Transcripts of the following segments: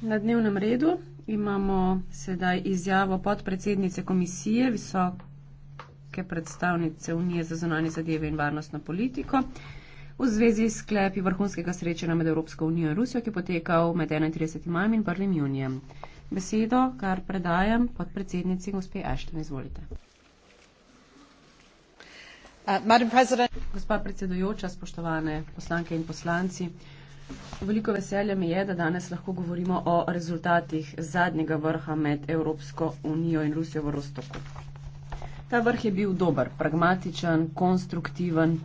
Na dnevnem redu imamo sedaj izjavo podpredsednice komisije visoke predstavnice Unije za zonanje zadeve in varnostno politiko v zvezi s sklepi vrhunskega srečanja med Evropsko unijo in Rusijo, ki je potekal med 31. maj in 1. junijem. Besedo, kar predajam podpredsednici gospe Ashton, izvolite. Uh, Gospa predsedujoča, spoštovane poslanke in poslanci, veliko veselje mi je, da danes lahko govorimo o rezultatih zadnjega vrha med Evropsko unijo in Rusijo v Rostoku. Ta vrh je bil dober, pragmatičen, konstruktiven.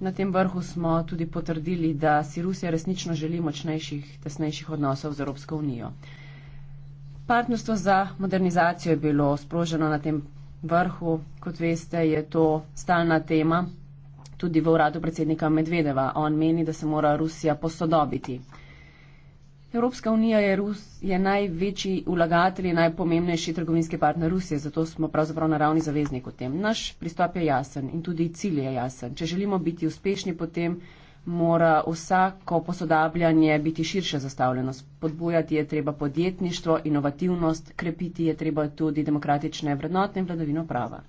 Na tem vrhu smo tudi potrdili, da si Rusija resnično želi močnejših, tesnejših odnosov z Evropsko unijo. Partnerstvo za modernizacijo je bilo sproženo na tem vrhu. Kot veste, je to stalna tema tudi v uradu predsednika Medvedeva. On meni, da se mora Rusija posodobiti. Evropska unija je, Rus, je največji vlagatelj in najpomembnejši trgovinski partner Rusije, zato smo pravzaprav na ravni zaveznik v tem. Naš pristop je jasen in tudi cilj je jasen. Če želimo biti uspešni, potem mora vsako posodabljanje biti širše zastavljeno. Spodbujati je treba podjetništvo, inovativnost, krepiti je treba tudi demokratične vrednote in vladavino prava.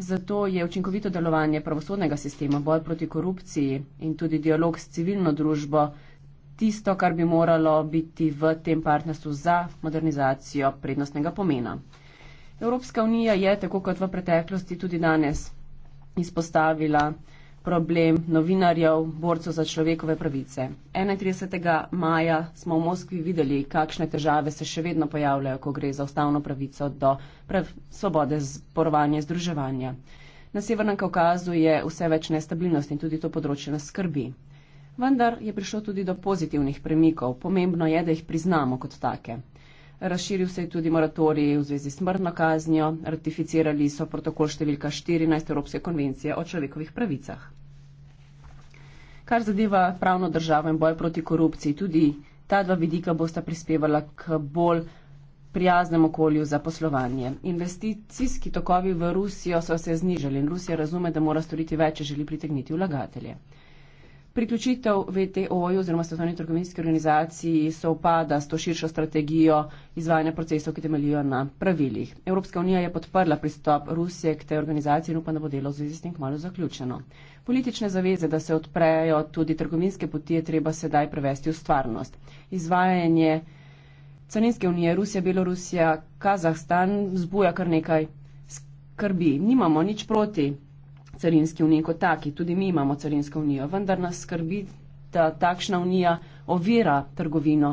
Zato je učinkovito delovanje pravosodnega sistema, boj proti korupciji in tudi dialog s civilno družbo tisto, kar bi moralo biti v tem partnerstvu za modernizacijo prednostnega pomena. Evropska unija je, tako kot v preteklosti, tudi danes izpostavila problem novinarjev, borcev za človekove pravice. 31. maja smo v Moskvi videli, kakšne težave se še vedno pojavljajo, ko gre za ustavno pravico do prav, svobode zborovanja in združevanja. Na Severnem Kaukazu je vse več nestabilnosti in tudi to področje nas skrbi. Vendar je prišlo tudi do pozitivnih premikov. Pomembno je, da jih priznamo kot take. Razširil se je tudi moratorij v zvezi s smrtno kaznjo, ratificirali so protokol številka 14 Evropske konvencije o človekovih pravicah. Kar zadeva pravno državo in boj proti korupciji, tudi ta dva vidika bosta prispevala k bolj prijaznem okolju za poslovanje. Investicijski tokovi v Rusijo so se znižali in Rusija razume, da mora storiti več, če želi pritegniti vlagatelje priključitev VTO-ju oziroma Svetovni trgovinski organizaciji se upada s to širšo strategijo izvajanja procesov, ki temeljijo na pravilih. Evropska unija je podprla pristop Rusije k tej organizaciji in upa, da bo delo v zvezi s tem kmalo zaključeno. Politične zaveze, da se odprejo tudi trgovinske poti, je treba sedaj prevesti v stvarnost. Izvajanje Carinske unije Rusija, Belorusija, Kazahstan zbuja kar nekaj skrbi. Nimamo nič proti carinski uniji kot taki. Tudi mi imamo carinsko unijo, vendar nas skrbi, da takšna unija ovira trgovino,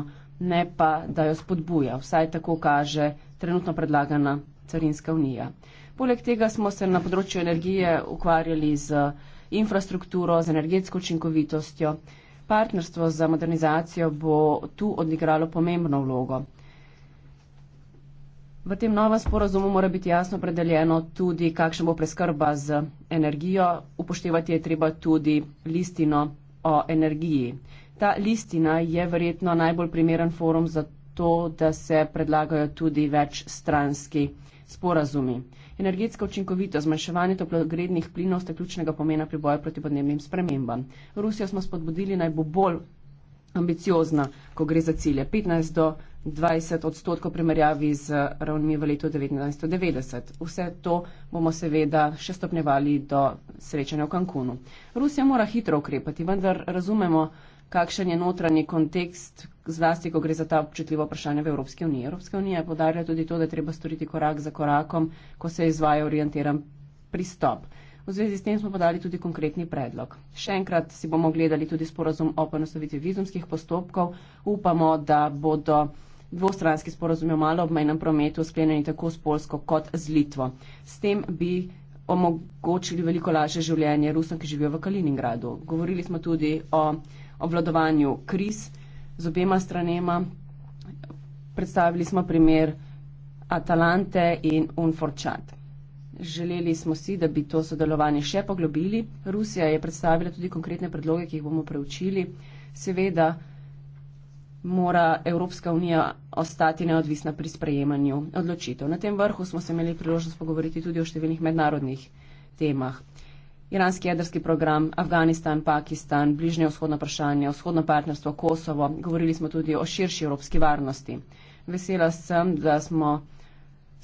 ne pa da jo spodbuja. Vsaj tako kaže trenutno predlagana carinska unija. Poleg tega smo se na področju energije ukvarjali z infrastrukturo, z energetsko učinkovitostjo. Partnerstvo za modernizacijo bo tu odigralo pomembno vlogo. V tem novem sporazumu mora biti jasno predeljeno tudi, kakšna bo preskrba z energijo. Upoštevati je treba tudi listino o energiji. Ta listina je verjetno najbolj primeren forum za to, da se predlagajo tudi več stranski sporazumi. Energetska učinkovito zmanjševanje toplogrednih plinov sta ključnega pomena pri boju proti podnebnim spremembam. Rusijo smo spodbudili naj bo bolj ambiciozna, ko gre za cilje 15 do 20 odstotkov primerjavi z ravnmi v letu 1990. Vse to bomo seveda še stopnjevali do srečanja v Cancunu. Rusija mora hitro ukrepati, vendar razumemo, kakšen je notranji kontekst, zlasti, ko gre za ta občutljivo vprašanje v Evropski uniji. Evropska unija je podarila tudi to, da treba storiti korak za korakom, ko se izvaja orientiran pristop. V zvezi s tem smo podali tudi konkretni predlog. Še enkrat si bomo gledali tudi sporazum o ponosovitvi vizumskih postopkov. Upamo, da bodo dvostranski sporazumi o malo obmejnem prometu skleneni tako s Polsko kot z Litvo. S tem bi omogočili veliko lažje življenje Rusom, ki živijo v Kaliningradu. Govorili smo tudi o obvladovanju kriz z obema stranema. Predstavili smo primer Atalante in Unforčat. Želeli smo si, da bi to sodelovanje še poglobili. Rusija je predstavila tudi konkretne predloge, ki jih bomo preučili. Seveda mora Evropska unija ostati neodvisna pri sprejemanju odločitev. Na tem vrhu smo se imeli priložnost pogovoriti tudi o številnih mednarodnih temah. Iranski jedrski program, Afganistan, Pakistan, bližnje vzhodno vprašanje, vzhodno partnerstvo, Kosovo. Govorili smo tudi o širši evropski varnosti. Vesela sem, da smo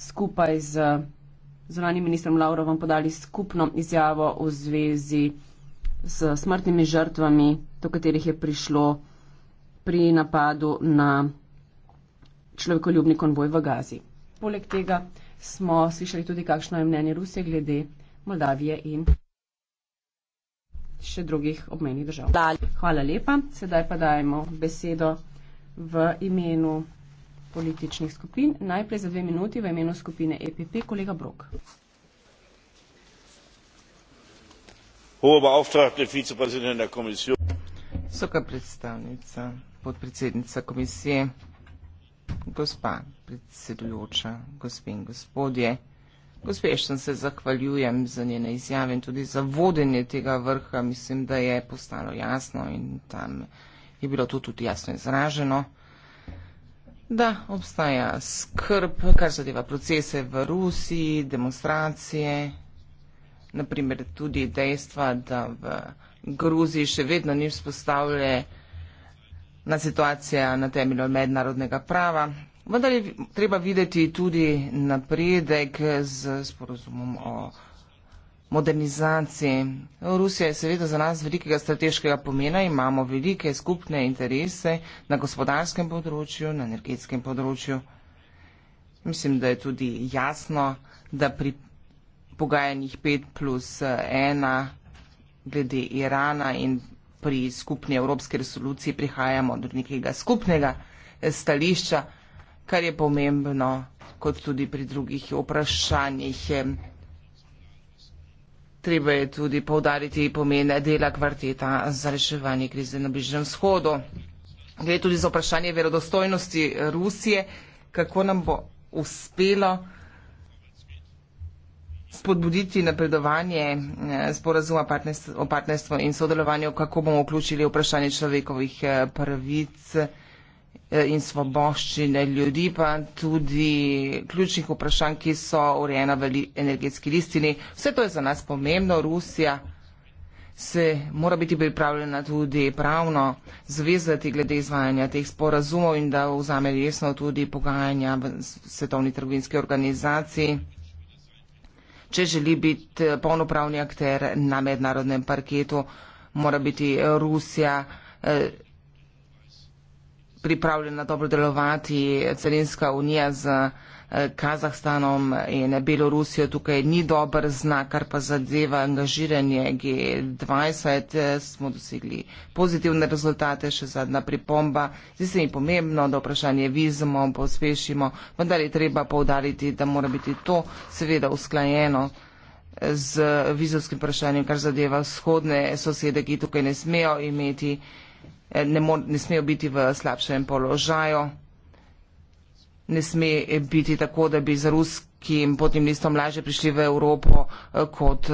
skupaj z zunanjim ministrom Lavrovom podali skupno izjavo v zvezi s smrtnimi žrtvami, do katerih je prišlo pri napadu na človekoljubni konvoj v Gazi. Poleg tega smo slišali tudi, kakšno je mnenje Rusije glede Moldavije in še drugih obmejnih držav. Hvala lepa. Sedaj pa dajemo besedo v imenu političnih skupin. Najprej za dve minuti v imenu skupine EPP, kolega Brok. Soka predstavnica, podpredsednica komisije, gospa predsedujoča, gospe in gospodje, gospešno se zahvaljujem za njene izjave in tudi za vodenje tega vrha. Mislim, da je postalo jasno in tam je bilo to tudi jasno izraženo. Da, obstaja skrb, kar zadeva procese v Rusiji, demonstracije, naprimer tudi dejstva, da v Gruziji še vedno ni vzpostavljena situacija na temelju mednarodnega prava. Vendar je treba videti tudi napredek z sporozumom o modernizaciji. Rusija je seveda za nas velikega strateškega pomena, imamo velike skupne interese na gospodarskem področju, na energetskem področju. Mislim, da je tudi jasno, da pri pogajanjih 5 plus 1 glede Irana in pri skupni evropski resoluciji prihajamo do nekega skupnega stališča, kar je pomembno kot tudi pri drugih vprašanjih. Treba je tudi povdariti pomen dela kvarteta za reševanje krize na Bližnem vzhodu. Gre tudi za vprašanje verodostojnosti Rusije, kako nam bo uspelo spodbuditi napredovanje eh, sporazuma partnerstvo, o partnerstvu in sodelovanju, kako bomo vključili vprašanje človekovih eh, pravic. Eh, in svoboščine ljudi, pa tudi ključnih vprašanj, ki so urejena v energetski listini. Vse to je za nas pomembno. Rusija se mora biti pripravljena tudi pravno zvezati glede izvajanja teh sporazumov in da vzame resno tudi pogajanja v Svetovni trgovinski organizaciji, če želi biti polnopravni akter na mednarodnem parketu. Mora biti Rusija eh, pripravljena dobro delovati carinska unija z eh, Kazahstanom in Belorusijo. Tukaj ni dober znak, kar pa zadeva angažiranje G20. Eh, smo dosegli pozitivne rezultate, še zadnja pripomba. Zdi se mi pomembno, da vprašanje vizmo pospešimo, vendar je treba povdariti, da mora biti to seveda usklajeno eh, z vizovskim vprašanjem, kar zadeva vzhodne sosede, ki tukaj ne smejo imeti Eh, ne, mo, ne smejo biti v slabšem položaju, ne sme eh, biti tako, da bi za ruskim potnim listom lažje prišli v Evropo eh, kot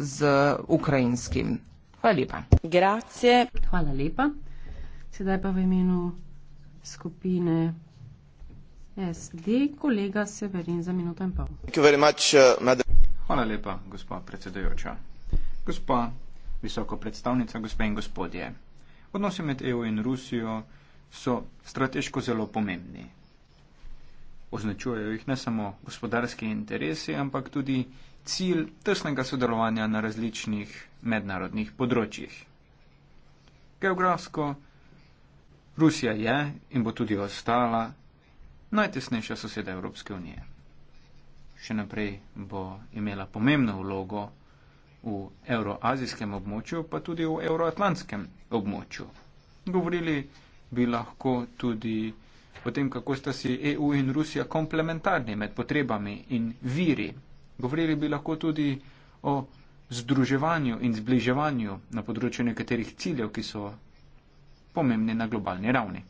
z ukrajinskim. Hvala lepa. Grazie. Hvala lepa. Sedaj pa v imenu skupine. SD, kolega Severin, za minuto in pol. Much, uh, Hvala lepa, gospod predsedujoča. Gospa, visoko predstavnica, gospe in gospodje. Odnosi med EU in Rusijo so strateško zelo pomembni. Označujejo jih ne samo gospodarski interesi, ampak tudi cilj tesnega sodelovanja na različnih mednarodnih področjih. Geografsko Rusija je in bo tudi ostala najtesnejša soseda Evropske unije. Še naprej bo imela pomembno vlogo v euroazijskem območju, pa tudi v euroatlantskem območju. Govorili bi lahko tudi o tem, kako sta si EU in Rusija komplementarni med potrebami in viri. Govorili bi lahko tudi o združevanju in zbliževanju na področju nekaterih ciljev, ki so pomembni na globalni ravni.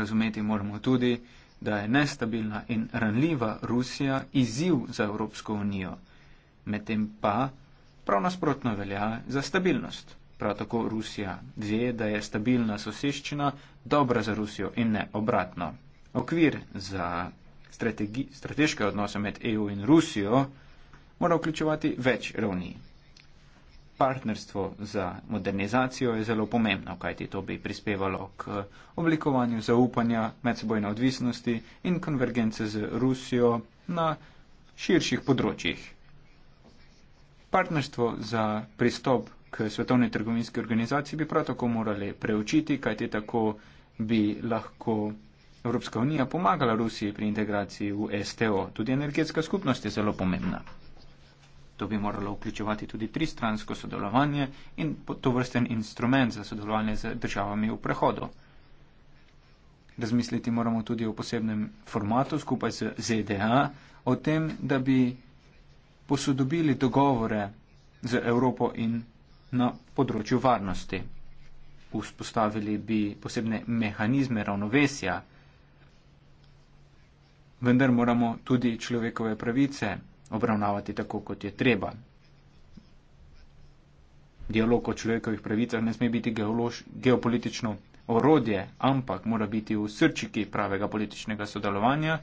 Razumeti moramo tudi, da je nestabilna in ranljiva Rusija izziv za Evropsko unijo. Medtem pa Prav nasprotno velja za stabilnost. Prav tako Rusija ve, da je stabilna soseščina dobra za Rusijo in ne obratno. Okvir za strateške odnose med EU in Rusijo mora vključevati več ravni. Partnerstvo za modernizacijo je zelo pomembno, kajti to bi prispevalo k oblikovanju zaupanja, medsebojne odvisnosti in konvergence z Rusijo na širših področjih partnerstvo za pristop k svetovni trgovinski organizaciji bi prav tako morali preučiti, kajti tako bi lahko Evropska unija pomagala Rusiji pri integraciji v STO. Tudi energetska skupnost je zelo pomembna. To bi moralo vključevati tudi tristransko sodelovanje in to vrsten instrument za sodelovanje z državami v prehodu. Razmisliti moramo tudi o posebnem formatu skupaj z ZDA o tem, da bi posodobili dogovore z Evropo in na področju varnosti. Vzpostavili bi posebne mehanizme ravnovesja, vendar moramo tudi človekove pravice obravnavati tako, kot je treba. Dialog o človekovih pravicah ne sme biti geološ, geopolitično orodje, ampak mora biti v srčiki pravega političnega sodelovanja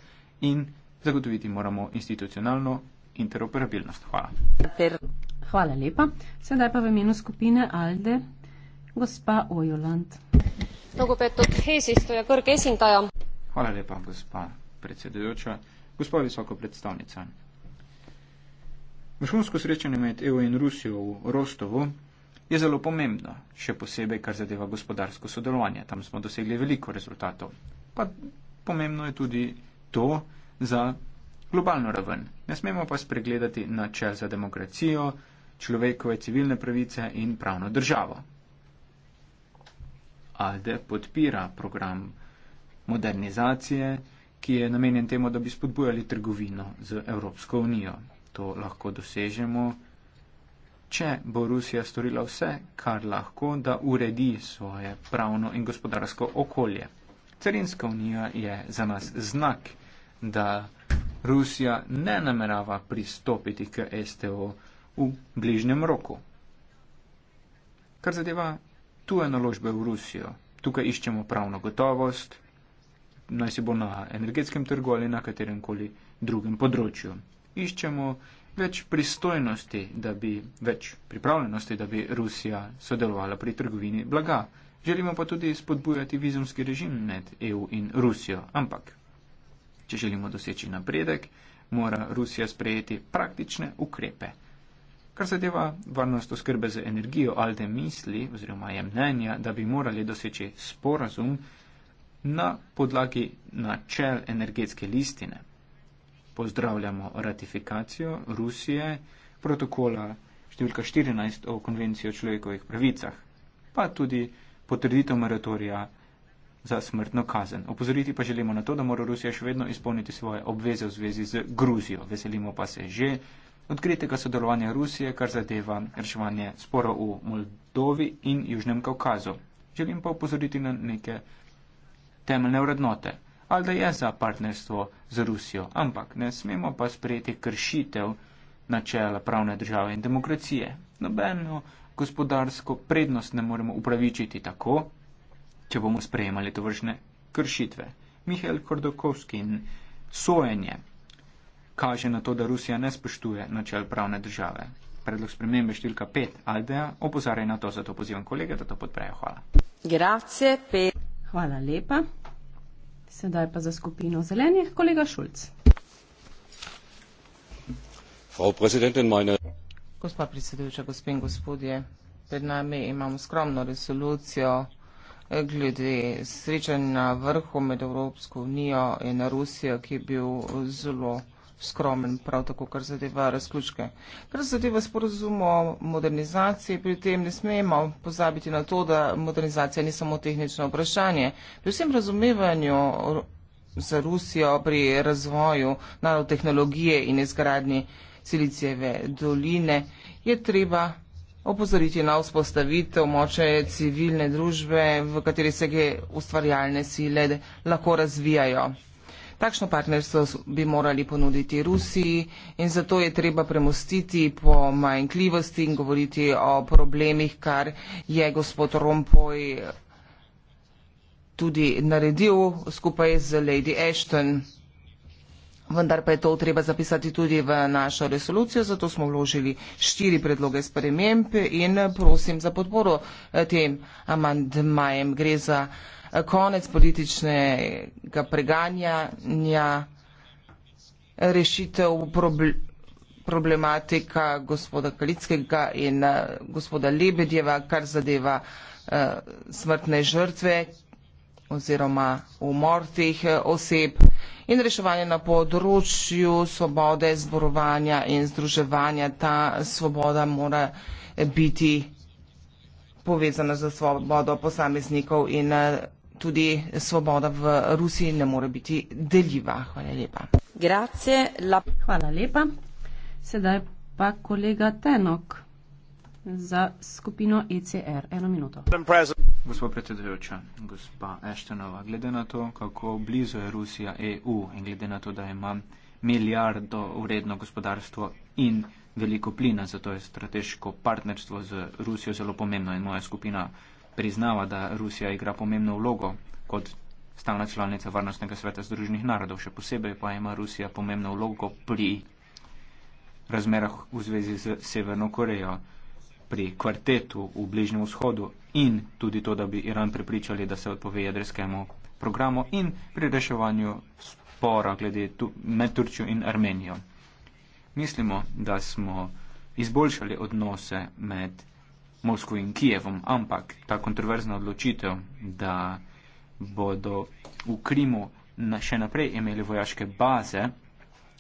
in zagotoviti moramo institucionalno interoperabilnost. Hvala. Hvala lepa. Sedaj pa v imenu skupine Alde, gospa Ojoland. Hvala lepa, gospa predsedujoča, gospa visoko predstavnica. Vrhunsko srečanje med EU in Rusijo v Rostovu je zelo pomembno, še posebej, kar zadeva gospodarsko sodelovanje. Tam smo dosegli veliko rezultatov. Pa pomembno je tudi to za globalno raven. Ne smemo pa spregledati načel za demokracijo, človekove civilne pravice in pravno državo. ALDE podpira program modernizacije, ki je namenjen temu, da bi spodbujali trgovino z Evropsko unijo. To lahko dosežemo, če bo Rusija storila vse, kar lahko, da uredi svoje pravno in gospodarsko okolje. Carinska unija je za nas znak, da. Rusija ne namerava pristopiti k STO v bližnjem roku. Kar zadeva tuje naložbe v Rusijo, tukaj iščemo pravno gotovost, naj si bo na energetskem trgu ali na katerem koli drugem področju. Iščemo več pristojnosti, da bi več pripravljenosti, da bi Rusija sodelovala pri trgovini blaga. Želimo pa tudi spodbujati vizumski režim med EU in Rusijo. Ampak Če želimo doseči napredek, mora Rusija sprejeti praktične ukrepe. Kar zadeva varnost oskrbe z energijo, Alde misli oziroma je mnenja, da bi morali doseči sporazum na podlagi načel energetske listine. Pozdravljamo ratifikacijo Rusije protokola številka 14 o konvenciji o človekovih pravicah, pa tudi potrditev moratorija za smrtno kazen. Opozoriti pa želimo na to, da mora Rusija še vedno izpolniti svoje obveze v zvezi z Gruzijo. Veselimo pa se že odkritega sodelovanja Rusije, kar zadeva reševanje spora v Moldovi in Južnem Kaukazu. Želim pa opozoriti na neke temeljne vrednote. Alda je za partnerstvo z Rusijo, ampak ne smemo pa sprejeti kršitev načela pravne države in demokracije. Nobeno gospodarsko prednost ne moremo upravičiti tako, če bomo sprejemali tovršne kršitve. Mihajl Kordokovski in sojenje kaže na to, da Rusija ne spoštuje načel pravne države. Predlog spremembe številka 5 Aldeja opozarja na to, zato pozivam kolege, da to podprejo. Hvala. Grace, Hvala lepa. Sedaj pa za skupino zelenih, kolega Šulc. Gospa predsedujoča, gospe in gospodje, pred nami imamo skromno resolucijo glede srečanja na vrhu med Evropsko unijo in Rusijo, ki je bil zelo skromen, prav tako, kar zadeva razključke. Kar zadeva sporozum o modernizaciji, pri tem ne smemo pozabiti na to, da modernizacija ni samo tehnično vprašanje. Pri vsem razumevanju za Rusijo pri razvoju nanotehnologije in izgradnji Silicijeve doline je treba opozoriti na vzpostavitev moče civilne družbe, v kateri se ge ustvarjalne sile lahko razvijajo. Takšno partnerstvo bi morali ponuditi Rusiji in zato je treba premostiti po manjkljivosti in govoriti o problemih, kar je gospod Rompoj tudi naredil skupaj z Lady Ashton vendar pa je to treba zapisati tudi v našo resolucijo, zato smo vložili štiri predloge sprememb in prosim za podporo eh, tem amandmajem. Gre za eh, konec političnega preganjanja rešitev problemov problematika gospoda Kalickega in eh, gospoda Lebedjeva, kar zadeva uh, smrtne žrtve, oziroma umor teh oseb in reševanje na področju svobode zborovanja in združevanja. Ta svoboda mora biti povezana za svobodo posameznikov in eh, tudi svoboda v Rusiji ne more biti deljiva. Hvala lepa. Grazie, la... Hvala lepa. Sedaj pa kolega Tenok za skupino ECR. Eno minuto. Gospod predsedujoča, gospa Eštenova, glede na to, kako blizu je Rusija EU in glede na to, da ima milijardo vredno gospodarstvo in veliko plina, zato je strateško partnerstvo z Rusijo zelo pomembno in moja skupina priznava, da Rusija igra pomembno vlogo kot stalna članica Varnostnega sveta Združenih narodov. Še posebej pa ima Rusija pomembno vlogo pri razmerah v zvezi z Severno Korejo pri kvartetu v Bližnjem vzhodu in tudi to, da bi Iran prepričali, da se odpove jedrskemu programu in pri reševanju spora glede tu, med Turčjo in Armenijo. Mislimo, da smo izboljšali odnose med Moskvo in Kijevom, ampak ta kontroverzna odločitev, da bodo v Krimu na, še naprej imeli vojaške baze,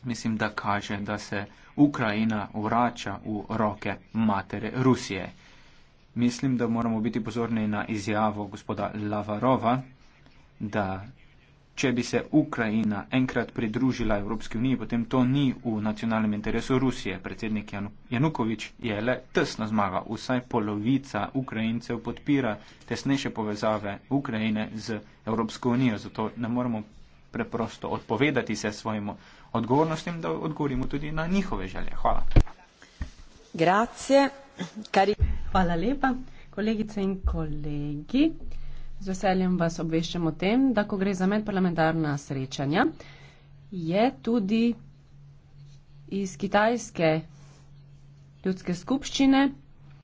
mislim, da kaže, da se Ukrajina vrača v roke matere Rusije. Mislim, da moramo biti pozorni na izjavo gospoda Lavarova, da če bi se Ukrajina enkrat pridružila Evropski uniji, potem to ni v nacionalnem interesu Rusije. Predsednik Janukovič je le tesna zmaga. Vsaj polovica Ukrajincev podpira tesnejše povezave Ukrajine z Evropsko unijo. Zato ne moremo preprosto odpovedati se svojemu odgovornostim, da odgovorimo tudi na njihove želje. Hvala. Grazie. Cari... Hvala lepa. Kolegice in kolegi, z veseljem vas obveščam o tem, da ko gre za medparlamentarna srečanja, je tudi iz Kitajske ljudske skupščine